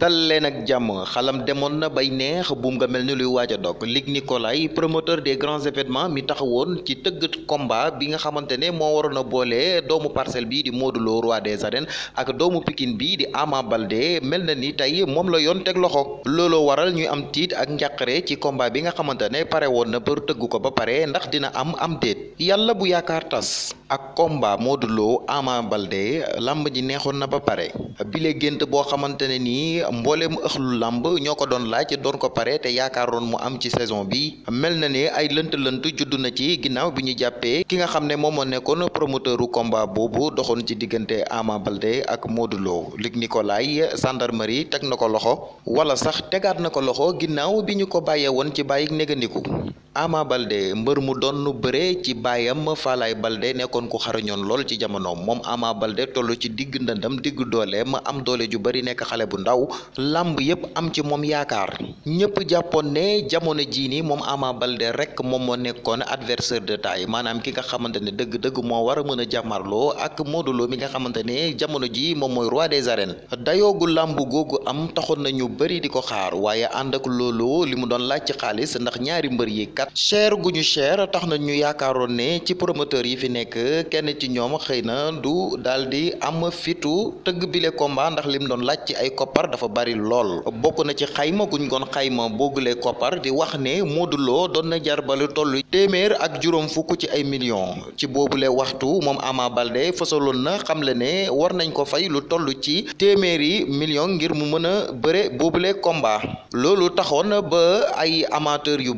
dal leen ak jàmm xalam demoon na bay neex buum nga mel ni luy waaj a dog Luc Nicolaï promoteur des grands événements mi taxawoon ci tëgg combat bi nga xamante ne moo waroon a boole doomu parcelle bi di Modou Lo roi des arènes ak doomu Pikine bi di Ama Baldé mel na ni tey moom la yoon teg loxo looloo waral ñuy am tiit ak njàqare ci combat bi nga xamante ne pare woon na pour tëgg ko ba pare ndax dina am am déet yàlla bu yaakaar tas ak komba Modou Lo Ama Baldé lamb ji neexoon na ba pare bile gént boo xamante ne nii mbooleem ëxlu làmb ñoo ko doon laaj doon ko pare te yaakaaroon mu am ci saison bi mel na ne ay lënt-lënt judd na ci ginnaaw bi ñu jàppee ki nga xam ne moom moo nekkoon promoteuru combat boobu doxoon ci diggante Ama Baldé ak Modou Lo Luc Nicolaï gendarmerie teg na ko loxo wala sax tegaat na ko loxo ginnaaw bi ñu ko bàyyee woon ci bàyyi négandiku Ama Balde mbër mu doon bëree ci baayam Falaay Balde nekkoon ku xarañoon lool ci jamono moom Ama Balde toll ci digg ndëndam digg dooleem am doole ju bari nekk xale bu ndaw làmb yépp am ci moom yaakaar ñépp jàppoon ne jamono jii nii moom Ama Balde rek moom moo nekkoon adversaire de taille maanaam ki nga xamante ne dëgg-dëgg moo war a mën a jàmmarloo ak Modou mi nga xamante ne jamono jii moom mooy roi des arènes dayoogu làmb googu am taxoon nañu bari di ko xaar waaye ànd ak loolu li mu doon laaj xaalis ndax ñaari mbër yi kat cher gu ñu cher tax na ñu yaakaaroon ne ci promoteur yi fi nekk kenn ci ñoom xëy na du daal di am fitu tëgg bile combat ndax lim doon laaj ci ay koppar dafa bari lool bokk na ci xayma guñ doon xayma boogulee koppar di wax ne mooduloo doon na jar ba lu téeméer ak juróom fukk ci ay millions ci boobule waxtu moom Ama Baldé fësaloon na xam xamle ne war nañ ko fay lu toll ci téeméeri million ngir mu mën a bëre boobule combat loolu taxoon ba ay amateurs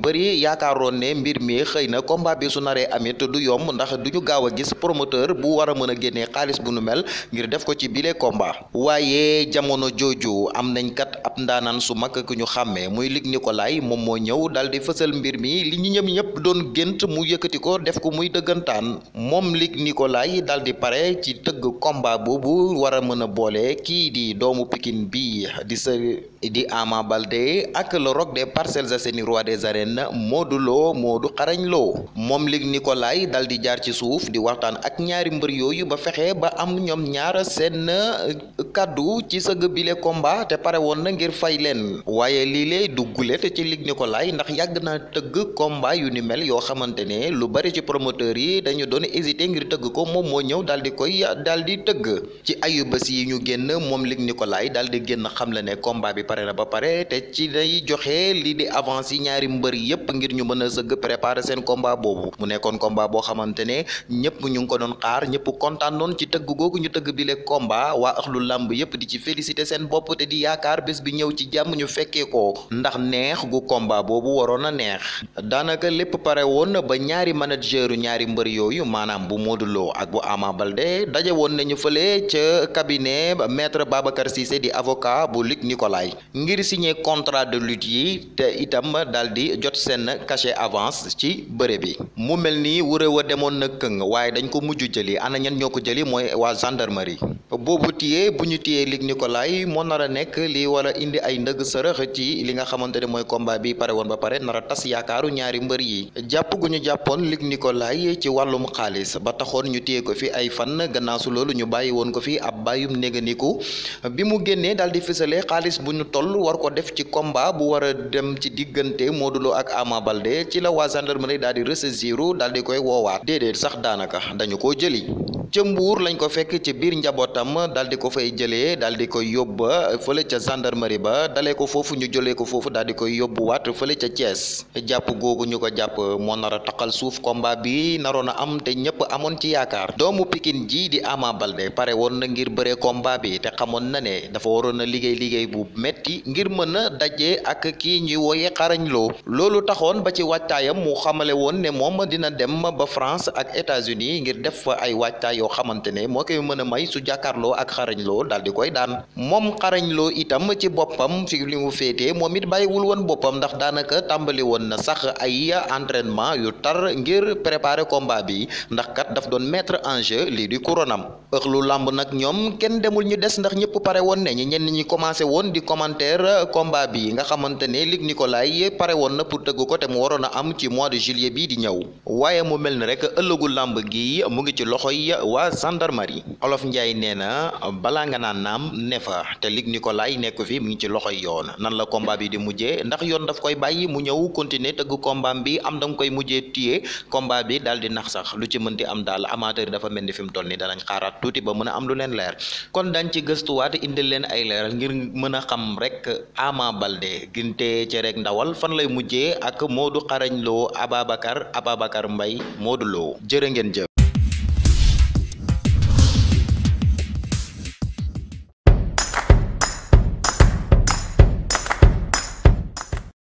xaaroon ne mbir mi xëy na combat bi su naree amit du yomb ndax du ñu gaaw a gis promoteur bu war a mën a génnee xaalis bu nu mel ngir def ko ci bile combat waaye jamono jooju am nañ kat ab ndaanaan su mag ku ñu xàmmee muy Luc Nicolaï moom moo ñëw dal di fësal mbir mi li ñu ñëpp ñëp doon gént mu yëkkati ko def ko muy dëggantaan moom Luc Nicolaï dal di pare ci tëgg combat boobu wara a mën a boole kii di doomu Pikine bi di sa di Ama Baldé ak la Roc des Parcelles Assainies loo Modou xarañ loo moom Luc Nicolaï dal di jaar ci suuf di waxtaan ak ñaari mbër yooyu ba fexe ba am ñoom ñaar seen uh, kàddu ci sëgg bile komba te pare woon na ngir fay leen waaye lii lay duggule te ci Luc Nicolaï ndax yàgg naa tëgg combat yu ni mel yoo xamante ne lu bari ci promoteur yi dañu doon hésité ngir tëgg ko moom moo ñëw dal di koy dal di tëgg ci ayu bés yi ñu génn moom Luc Nicolaï dal di génn xam la ne komba bi pare na ba pare te ci day joxe lii di avance ñaari mbër mën a sëgg préparer seen combat boobu mu nekkoon combat boo xamante ne ñu ngi ko doon xaar ñëpp kontaan noon ci tëgg googu ñu tëgg bi le combat waa axlu làmb yëpp di ci féliciter seen bopp te di yaakaar bés bi ñëw ci jàmm ñu fekkee ko ndax neex gu combat boobu waroon a neex daanaka lépp pare woon ba ñaari manager ñaari mbër yooyu maanaam bu Modou ak bu Ama de daje woon nañu fële ca cabinet maître Babacar Cissé di avocat bu Luc Nicolaï ngir signer cachet avance ci bëre bi mu mel nii wure wa demoon na këng waaye dañ ko mujj jëli ana ñen ñoo ko jëli mooy waa gendarmerie boobu tiyee bu ñu téyee Luc Nicolaï moo nar a nekk li wara a indi ay ndëgg sërëx ci li nga xamante ne mooy combat bi pare woon ba pare nar a tas yaakaaru ñaari mbër yi jàpp gu ñu jàppoon Luc Nicolaï ci wàllum xaalis ba taxoon ñu téye ko fi ay fan gannaaw loolu ñu bàyyi woon ko fi ab bàyyum néganiku bi mu génnee daal di fisale xaalis bu ñu toll war ko def ci combat bu war a dem ci diggante Modou Lo ak Ama Baldé ci la waa gendarmerie daal di ressaisir daal di koy woowaat déedéet sax daanaka dañu ko jëli ca Mbuur lañ ko fekk ci biir njabootam daal di ko fay jëlee daal di koy yóbba fële ca gendarmerie ba dalee ko foofu ñu jëlee ko foofu daal di koy yóbbuwaat fële ca Thiès jàpp googu ñu ko jàpp moo nar a taqal suuf combat bi naroon a am te ñëpp amoon ci yaakaar doomu Pikine ji di Ama Baldé pare woon na ngir bëre combat bi te xamoon na ne dafa waroon a liggéey liggéey bu metti ngir mën a daje ak kii ñuy wooye xarañ loo loolu taxoon ba ci wàccaayam mu xamale woon ne moom dina dem ba France ak États-Unis ngir yoo xamante ne moo koy mën a may su jàkkaarloo ak xarañloo daal di koy daan moom xarañloo itam ci boppam fi li mu féetee moom it bàyyiwul woon boppam ndax daanaka tàmbali woon na sax ay entraînement yu tar ngir préparer combat bi ndax kat daf doon mettre en jeu lii di couronam lu làmb nag ñoom kenn demul ñu des ndax ñëpp pare woon nañu ñenn ñi commencé woon di commentaire combat bi nga xamante ne Luc Nicolaï pare woon na pour tëgg ko te mu waroon a am ci mois de juillet bii di ñëw waa gendarmerie olof Ndiaye nee na balaa nga naan naam ne fa te ko Nicolaï nekk fii mu ngi ci loxoy yoon nan la combat bi di mujjee ndax yoon daf koy bàyyi mu ñëw continuer tëgg combat bi am danga koy mujjee tuyee combat bi daal di nax sax lu ci mën di am daal amateur dafa mel ni fi mu toll nii danañ xaaraat tuuti ba mën a am lu leen leer kon dañ ci gëstuwaat indil leen ay leeral ngir mën a xam rek Ama Baldé ginte ci rek ndawal fan lay mujjee ak Modou Xarañ Lo Ababacar Ababacar Mbaye Modou Lo jërë ngeen jëf